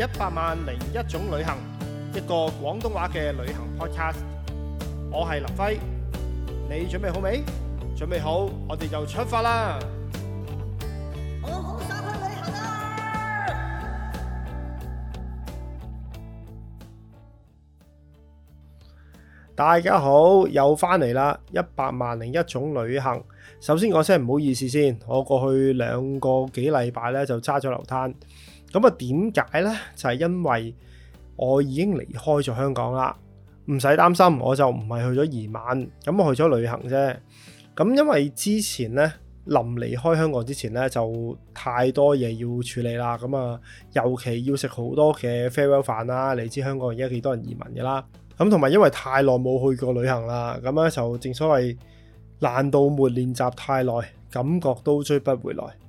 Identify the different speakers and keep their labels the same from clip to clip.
Speaker 1: 一百萬零一種旅行，一個廣東話嘅旅行 podcast。我係林輝，你準備好未？準備好，我哋就出發啦！我好想去旅行啊！大家好，又翻嚟啦！一百萬零一種旅行。首先，講聲唔好意思先，我過去兩個幾禮拜咧就揸咗流攤。咁啊，點解呢？就係因為我已經離開咗香港啦，唔使擔心，我就唔係去咗移民。咁我去咗旅行啫。咁因為之前呢，臨離開香港之前呢，就太多嘢要處理啦。咁啊，尤其要食好多嘅 farewell 飯啦。你知香港而家幾多人移民嘅啦。咁同埋因為太耐冇去過旅行啦，咁咧就正所謂難道沒練習太耐，感覺都追不回來。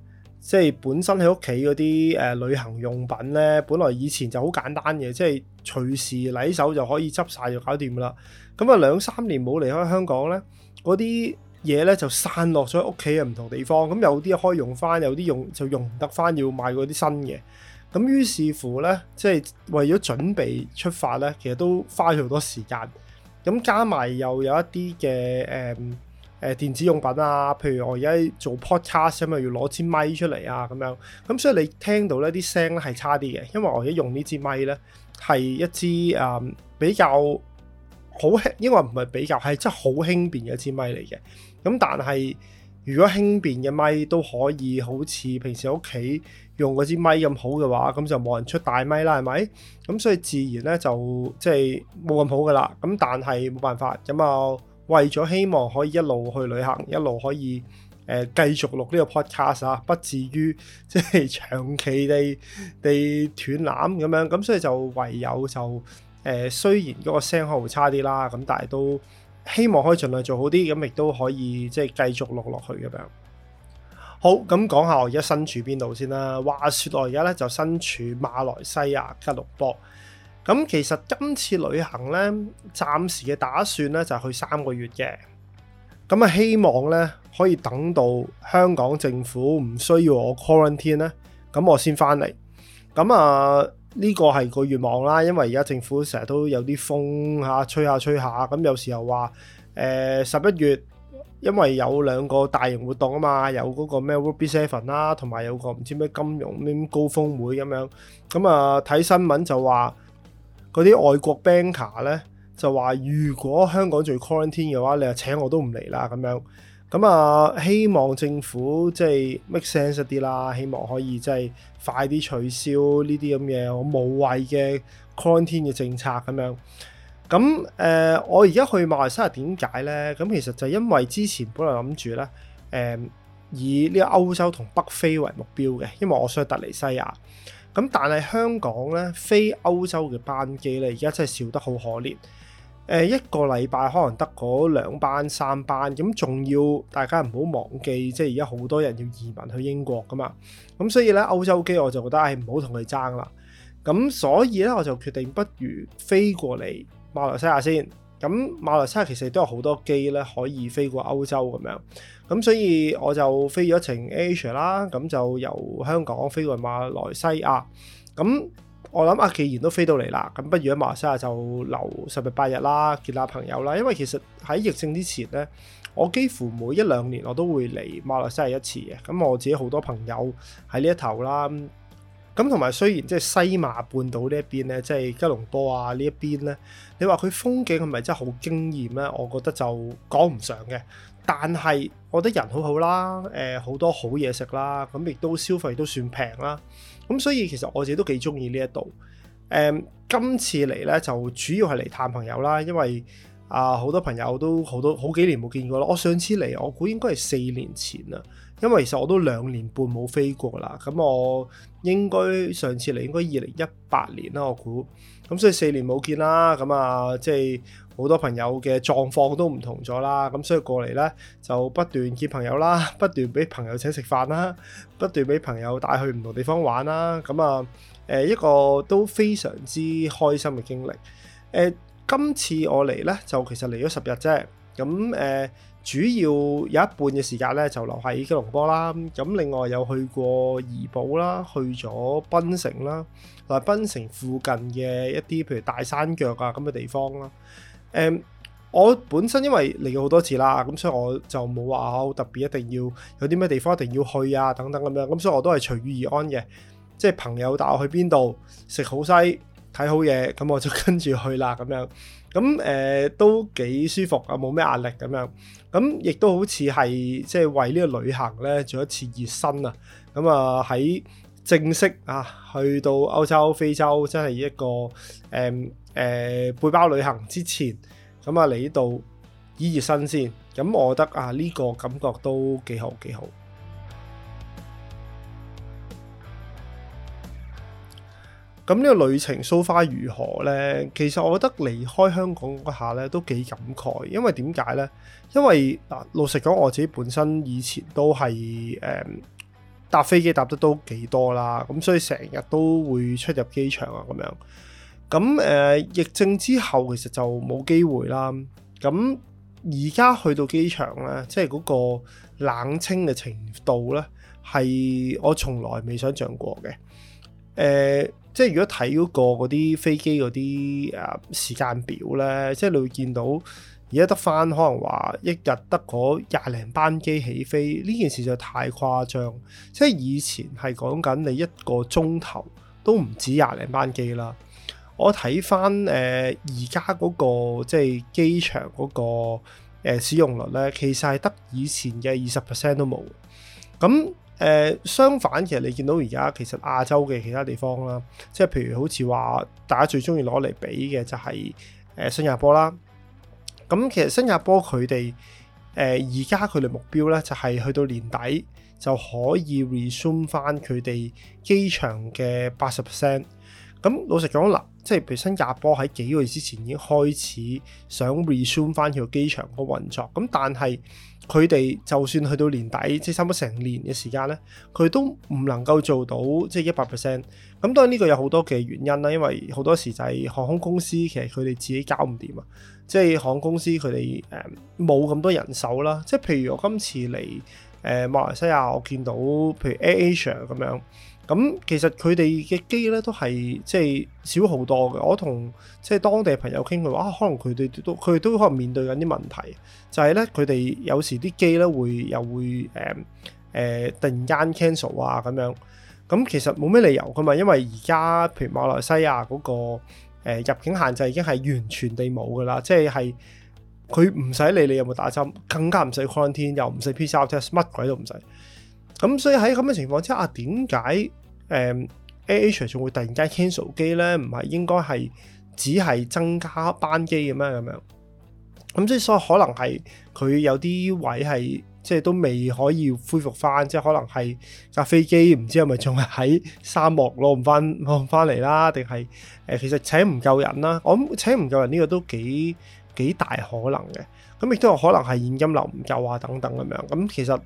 Speaker 1: 即係本身喺屋企嗰啲旅行用品咧，本來以前就好簡單嘅，即係隨時嚟手就可以執晒就搞掂噶啦。咁啊，兩三年冇離開香港咧，嗰啲嘢咧就散落咗喺屋企嘅唔同地方。咁有啲可以用翻，有啲用就用唔得翻，要買嗰啲新嘅。咁於是乎咧，即係為咗準備出發咧，其實都花咗好多時間。咁加埋又有一啲嘅誒電子用品啊，譬如我而家做 podcast 咁啊，要攞支咪出嚟啊，咁樣咁，所以你聽到呢啲聲係差啲嘅，因為我而家用呢支咪呢，係一支啊、嗯、比較好輕，因為唔係比較，係真係好輕便嘅一支咪嚟嘅。咁但係如果輕便嘅咪都可以好似平時屋企用嗰支咪咁好嘅話，咁就冇人出大咪啦，係咪？咁所以自然呢，就即係冇咁好噶啦。咁但係冇辦法，咁啊。為咗希望可以一路去旅行，一路可以誒、呃、繼續錄呢個 podcast 啊，不至於即係長期地地斷纜咁樣，咁所以就唯有就誒、呃，雖然嗰個聲號差啲啦，咁但係都希望可以盡量做好啲，咁亦都可以即係繼續錄落去咁樣。好，咁講下我而家身處邊度先啦。話説我而家咧就身處馬來西亞吉隆坡。咁其實今次旅行咧，暫時嘅打算咧就係、去三個月嘅。咁啊，希望咧可以等到香港政府唔需要我 quarantine 咧，咁我先翻嚟。咁啊，呢個係個願望啦，因為而家政府成日都有啲風嚇，吹下吹下，咁有時候話誒十一月，因為有兩個大型活動啊嘛，有嗰個咩 World Rugby Sevens 啦，同埋有個唔知咩金融咩高峰會咁樣。咁啊，睇、呃、新聞就話。嗰啲外國 banker 咧就話，如果香港做 quarantine 嘅話，你就請我都唔嚟啦咁樣。咁啊，希望政府即係 make sense 一啲啦，希望可以即係快啲取消呢啲咁嘅冇謂嘅 quarantine 嘅政策咁樣。咁、誒、我而家去馬來西亞點解咧？咁其實就因為之前本來諗住咧，誒、嗯、以呢個歐洲同北非為目標嘅，因為我想去突尼西亞。咁但係香港咧，非歐洲嘅班機咧，而家真係少得好可憐。呃、一個禮拜可能得嗰兩班三班，咁仲要大家唔好忘記，即係而家好多人要移民去英國㗎嘛。咁所以咧，歐洲機我就覺得係唔好同佢爭啦。咁所以咧，我就決定不如飛過嚟馬來西亞先。咁馬來西亞其實都有好多機咧，可以飛過歐洲咁樣，咁所以我就飛咗程 Asia 啦，咁就由香港飛過馬來西亞。咁我諗啊，既然都飛到嚟啦，咁不如喺馬來西亞就留十日八日啦，見下朋友啦。因為其實喺疫症之前呢，我幾乎每一兩年我都會嚟馬來西亞一次嘅。咁我自己好多朋友喺呢一頭啦。咁同埋雖然即係西馬半島呢一邊咧，即係吉隆坡啊呢一邊咧，你話佢風景係咪真係好驚豔咧？我覺得就講唔上嘅。但係我覺得人好好啦，誒好多好嘢食啦，咁亦都消費都算平啦。咁所以其實我自己都幾中意呢一度。誒，今次嚟咧就主要係嚟探朋友啦，因為啊好多朋友都好多好幾年冇見過啦。我上次嚟我估應該係四年前啦，因為其實我都兩年半冇飛過啦。咁我。應該上次嚟應該二零一八年啦，我估，咁所以四年冇見啦，咁啊即係好多朋友嘅狀況都唔同咗啦，咁所以過嚟呢就不斷見朋友啦，不斷俾朋友請食飯啦，不斷俾朋友帶去唔同地方玩啦，咁啊誒一個都非常之開心嘅經歷。誒今次我嚟呢就其實嚟咗十日啫。咁、呃、主要有一半嘅時間咧，就留喺吉隆坡啦。咁另外有去過怡保啦，去咗檳城啦，嗱，檳城附近嘅一啲，譬如大山腳啊咁嘅地方啦、嗯。我本身因為嚟過好多次啦，咁所以我就冇話好特別，一定要有啲咩地方一定要去啊等等咁樣。咁所以我都係隨遇而安嘅，即係朋友帶我去邊度食好西、睇好嘢，咁我就跟住去啦咁樣。咁誒都幾舒服啊，冇咩壓力咁樣，咁亦都好似係即係為呢個旅行咧做一次熱身啊！咁啊喺正式啊去到歐洲、非洲，真係一個誒、嗯呃、背包旅行之前，咁啊嚟呢度熱身先，咁我覺得啊呢個感覺都幾好，幾好。咁呢個旅程 so far 如何呢？其實我覺得離開香港嗰下呢都幾感慨，因為點解呢？因為嗱，老實講，我自己本身以前都係誒、嗯、搭飛機搭得都幾多啦，咁所以成日都會出入機場啊咁樣。咁、呃、疫症之後其實就冇機會啦。咁而家去到機場呢，即係嗰個冷清嘅程度呢，係我從來未想像過嘅。誒、呃，即係如果睇嗰個嗰啲飛機嗰啲誒時間表咧，即係你會見到而家得翻可能話一日得嗰廿零班機起飛，呢件事就太誇張。即係以前係講緊你一個鐘頭都唔止廿零班機啦。我睇翻誒而家嗰個即係機場嗰、嗰個、呃、使用率咧，其實係得以前嘅二十 percent 都冇。咁誒、呃、相反，其實你見到而家其實亞洲嘅其他地方啦，即係譬如好似話，大家最中意攞嚟比嘅就係、是、誒、呃、新加坡啦。咁其實新加坡佢哋誒而家佢哋目標咧，就係、是、去到年底就可以 resume 翻佢哋機場嘅八十 percent。咁老實講嗱，即係譬如新加坡喺幾個月之前已經開始想 resume 翻佢個機場個運作，咁但係佢哋就算去到年底，即係差唔多成年嘅時間咧，佢都唔能夠做到即係一百 percent。咁當然呢個有好多嘅原因啦，因為好多時就係航空公司其實佢哋自己搞唔掂啊，即係航空公司佢哋誒冇咁多人手啦。即係譬如我今次嚟誒、呃、馬來西亞，我見到譬如 AirAsia 咁樣。咁其實佢哋嘅機咧都係即係少好多嘅。我同即係當地嘅朋友傾，佢話啊，可能佢哋都佢都可能面對緊啲問題，就係咧佢哋有時啲機咧會又會誒誒、嗯呃、突然間 cancel 啊咁樣。咁其實冇咩理由噶嘛，因為而家譬如馬來西亞嗰、那個、呃、入境限制已經係完全地冇噶啦，即係佢唔使理你有冇打針，更加唔使 quarantine，又唔使 PCR test，乜鬼都唔使。咁所以喺咁嘅情況之下，點解誒 A H 仲會突然間 cancel 機呢？唔係應該係只係增加班機嘅咩？咁樣咁即係所以可能係佢有啲位係即係都未可以恢復翻，即係可能係架飛機唔知係咪仲係喺沙漠落唔翻落唔翻嚟啦？定係誒其實請唔夠人啦，啊？我諗請唔夠人呢個都幾幾大可能嘅。咁亦都有可能係現金流唔夠啊等等咁樣。咁其實誒。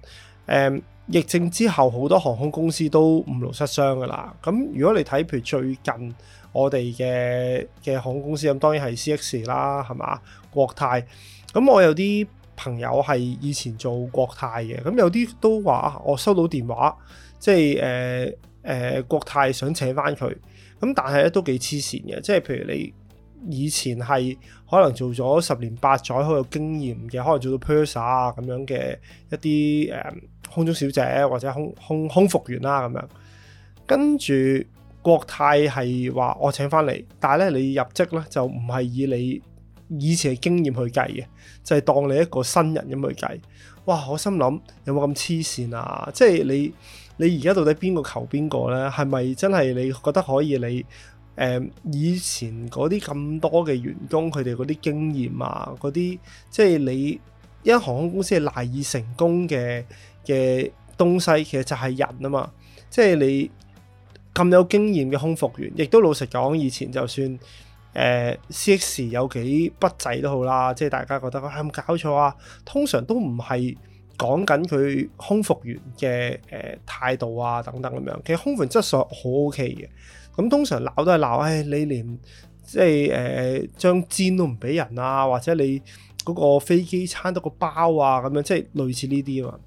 Speaker 1: 嗯疫症之後，好多航空公司都五勞七傷噶啦。咁如果你睇譬如最近我哋嘅嘅航空公司咁，當然係 CX 啦，係嘛？國泰咁，我有啲朋友係以前做國泰嘅，咁有啲都話我收到電話，即係誒誒國泰想請翻佢，咁但係咧都幾黐線嘅。即係譬如你以前係可能做咗十年八載，好有經驗嘅，可能做到 Pursa 咁樣嘅一啲誒空中小姐或者空空空服員啦咁樣，跟住國泰係話我請返嚟，但係咧你入職咧就唔係以你以前嘅經驗去計嘅，就係、是、當你一個新人咁去計。哇！我心諗有冇咁黐線啊？即係你你而家到底邊個求邊個咧？係咪真係你覺得可以你？你、嗯、誒以前嗰啲咁多嘅員工佢哋嗰啲經驗啊，嗰啲即係你一航空公司係賴以成功嘅。嘅東西其實就係人啊嘛，即係你咁有經驗嘅空服員，亦都老實講，以前就算誒、呃、CX 有幾不濟都好啦，即係大家覺得係唔、哎、搞錯啊。通常都唔係講緊佢空服員嘅誒、呃、態度啊等等咁樣，其實空服員質素好 OK 嘅。咁通常鬧都係鬧，誒、哎、你連即係誒、呃、張氈都唔俾人啊，或者你嗰個飛機餐得個包啊咁樣，即係類似呢啲啊嘛。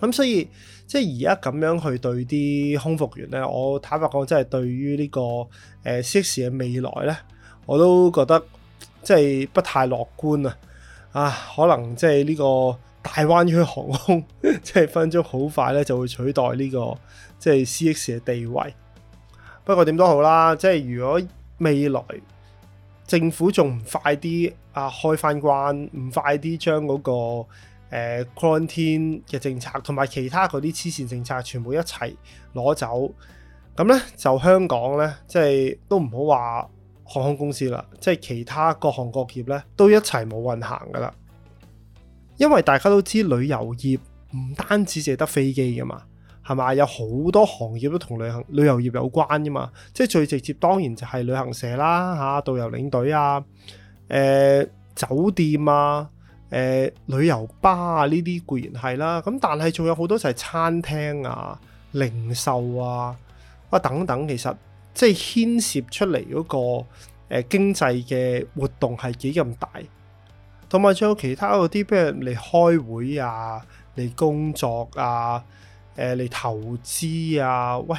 Speaker 1: 咁所以即係而家咁樣去對啲空服員咧，我坦白講真係對於呢個誒 CX 嘅未來咧，我都覺得即係不太樂觀啊！啊，可能即係呢個大灣區航空即係分分鐘好快咧就會取代呢個即係 CX 嘅地位。不過點都好啦，即係如果未來政府仲唔快啲啊開返關，唔快啲將嗰個。呃、quarantine 嘅政策，同埋其他嗰啲黐線政策，全部一齊攞走，咁呢，就香港呢，即係都唔好話航空公司啦，即係其他各行各業呢，都一齊冇運行噶啦。因為大家都知道旅遊業唔單止凈得飛機噶嘛，係嘛？有好多行業都同旅行旅遊業有關噶嘛。即係最直接當然就係旅行社啦，嚇、啊、導遊領隊啊，啊酒店啊。誒、呃、旅遊巴啊，呢啲固然係啦，咁但係仲有好多就係餐廳啊、零售啊、啊等等，其實即係牽涉出嚟嗰、那個誒、呃、經濟嘅活動係幾咁大，同埋仲有其他嗰啲譬如嚟開會啊、嚟工作啊、誒、呃、嚟投資啊，喂。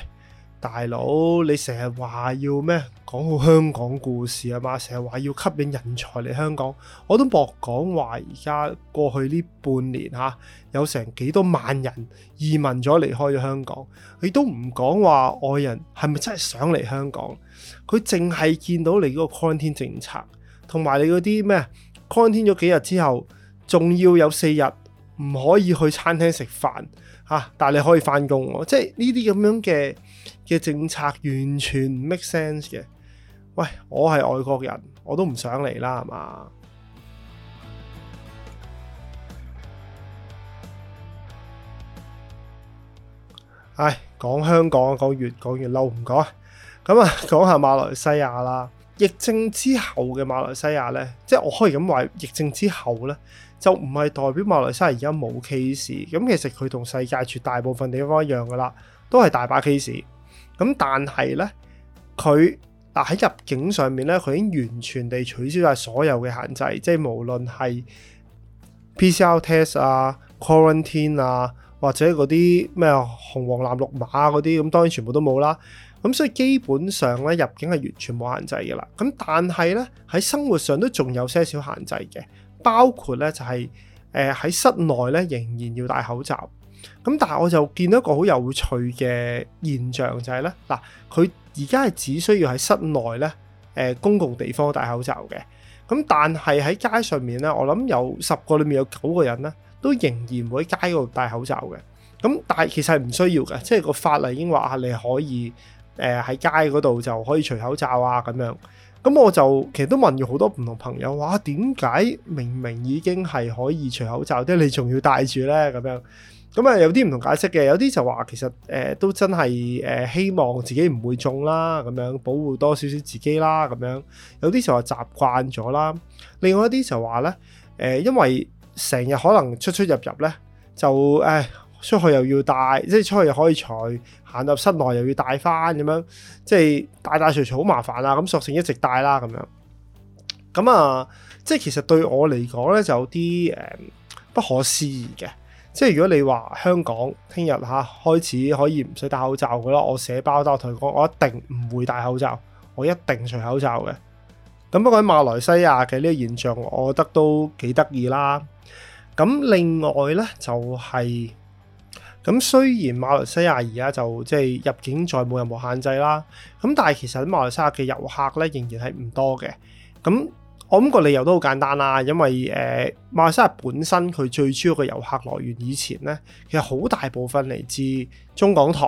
Speaker 1: 大佬，你成日話要咩講好香港故事啊嘛？成日話要吸引人才嚟香港，我都莫講話而家過去呢半年嚇有成幾多萬人移民咗離開咗香港，你都唔講話外人係咪真係想嚟香港？佢淨係見到你嗰個 quarantine 政策，同埋你嗰啲咩 quarantine 咗幾日之後，仲要有四日唔可以去餐廳食飯，但你可以翻工喎，即係呢啲咁樣嘅嘅政策完全唔 make sense 嘅。喂，我係外國人，我都唔想嚟啦，係嘛？唉，講香港，講越講越嬲，唔講。咁啊，講下馬來西亞啦。疫症之後嘅馬來西亞呢，即係我可以咁話，疫症之後呢，就唔係代表馬來西亞而家冇 case。咁其實佢同世界絕大部分地方一樣噶啦，都係大把 case。咁但係咧，佢嗱喺入境上面咧，佢已經完全地取消晒所有嘅限制，即係無論係 PCR test 啊、quarantine 啊，或者嗰啲咩紅黃藍綠碼嗰啲，咁當然全部都冇啦。咁所以基本上咧，入境係完全冇限制嘅啦。咁但係咧，喺生活上都仲有些少限制嘅，包括咧就係誒喺室內咧仍然要戴口罩。咁但係我就見到一個好有趣嘅現象，就係咧，嗱，佢而家係只需要喺室內咧、呃，公共地方戴口罩嘅。咁但係喺街上面咧，我諗有十個裏面有九個人咧，都仍然會喺街嗰度戴口罩嘅。咁但係其實係唔需要嘅，即係個法例已經話你可以、呃、喺街嗰度就可以除口罩啊咁樣。咁我就其實都問咗好多唔同朋友話點解明明已經係可以除口罩，即係你仲要戴住咧咁樣？咁啊，有啲唔同解釋嘅，有啲就話其實、呃、都真係、呃、希望自己唔會中啦，咁樣保護多少少自己啦，咁樣有啲就話習慣咗啦。另外一啲就話咧、呃、因為成日可能出出入入咧，就出去又要帶，即係出去又可以除，行入室內又要帶翻咁樣，即係帶帶除除好麻煩啦。咁索性一直帶啦咁樣。咁啊，即係其實對我嚟講咧，就有啲、呃、不可思議嘅。即係如果你話香港聽日嚇開始可以唔使戴口罩嘅啦，我寫包單同佢講，我一定唔會戴口罩，我一定除口罩嘅。咁不過喺馬來西亞嘅呢個現象，我覺得都幾得意啦。咁另外呢，就係咁，雖然馬來西亞而家就即係入境再冇任何限制啦，咁但係其實喺馬來西亞嘅遊客呢，仍然係唔多嘅。咁我諗個理由都好簡單啦，因為誒、呃、馬來西亞本身佢最主要嘅遊客來源以前呢，其實好大部分嚟自中港台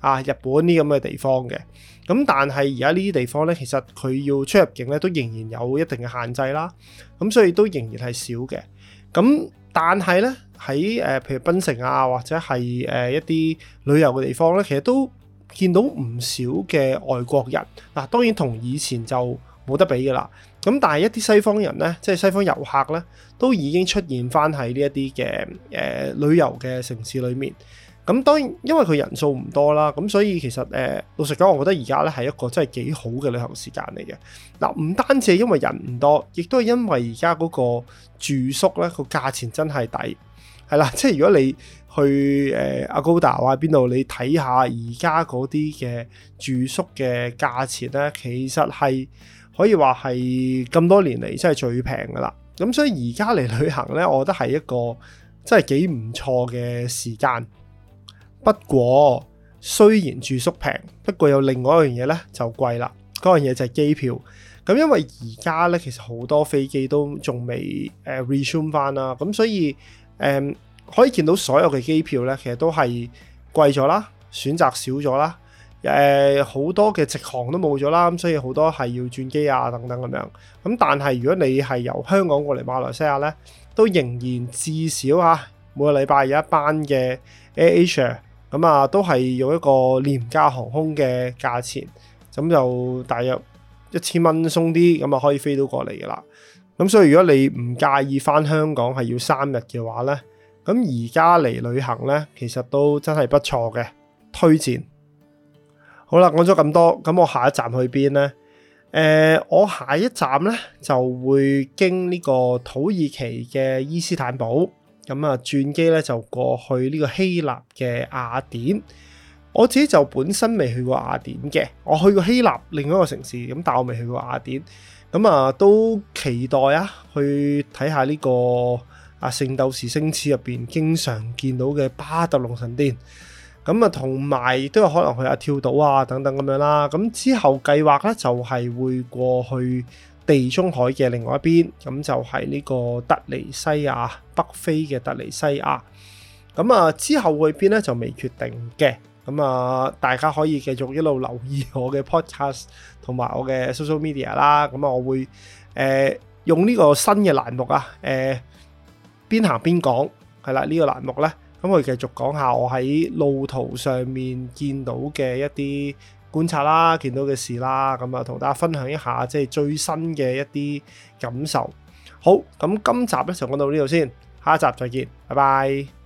Speaker 1: 啊、日本呢啲咁嘅地方嘅。咁但係而家呢啲地方呢，其實佢要出入境呢都仍然有一定嘅限制啦。咁、啊、所以都仍然係少嘅。咁、啊、但係呢，喺、呃、譬如檳城啊，或者係、呃、一啲旅遊嘅地方呢，其實都見到唔少嘅外國人。嗱、啊，當然同以前就冇得比噶啦。咁但係一啲西方人呢，即係西方遊客呢，都已經出現翻喺呢一啲嘅呃、旅遊嘅城市裏面。咁當然因為佢人數唔多啦，咁所以其實、呃、老實講，我覺得而家呢係一個真係幾好嘅旅行時間嚟嘅。嗱、呃，唔單止係因為人唔多，亦都係因為而家嗰個住宿呢，個價錢真係抵，係啦。即係如果你去呃、阿高達啊邊度，你睇下而家嗰啲嘅住宿嘅價錢呢，其實係。可以話係咁多年嚟，真係最平㗎喇。咁所以而家嚟旅行呢，我覺得係一個真係幾唔錯嘅時間。不過雖然住宿平，不過有另外一樣嘢呢就貴啦。嗰樣嘢就係機票。咁因為而家呢，其實好多飛機都仲未誒 resume 返啦。咁所以誒、嗯、可以見到所有嘅機票呢，其實都係貴咗啦，選擇少咗啦。誒好多嘅直航都冇咗啦，咁所以好多係要轉機啊，等等咁樣。咁但係如果你係由香港過嚟馬來西亞呢，都仍然至少啊每個禮拜有一班嘅 AirAsia 咁啊，都係用一個廉價航空嘅價錢，咁就大約一千蚊鬆啲，咁啊可以飛到過嚟嘅啦。咁所以如果你唔介意返香港係要三日嘅話呢，咁而家嚟旅行呢，其實都真係不錯嘅，推薦。好啦，講咗咁多，咁我下一站去邊呢？誒、呃，我下一站呢，就會經呢個土耳其嘅伊斯坦堡，咁啊轉機呢，就過去呢個希臘嘅雅典。我自己就本身未去過雅典嘅，我去過希臘另一個城市，咁但係我未去過雅典，咁啊都期待啊去睇下呢個啊聖鬥士星矢入邊經常見到嘅巴特龍神殿。咁啊，同埋都有可能去下跳島啊，等等咁樣啦。咁之後計劃咧就係會過去地中海嘅另外一邊，咁就係、係、呢個突尼西亞北非嘅突尼西亞。咁啊，之後會邊咧就未決定嘅。咁啊，大家可以繼續一路留意我嘅 podcast 同埋我嘅 social media 啦。咁啊，我會誒用呢個新嘅欄目啊，誒邊行邊講係啦，呢、呢個欄目咧。咁我哋繼續講下我喺路途上面見到嘅一啲觀察啦，見到嘅事啦，咁啊同大家分享一下即係最新嘅一啲感受。好，咁今集咧就講到呢度先，下一集再見，拜拜。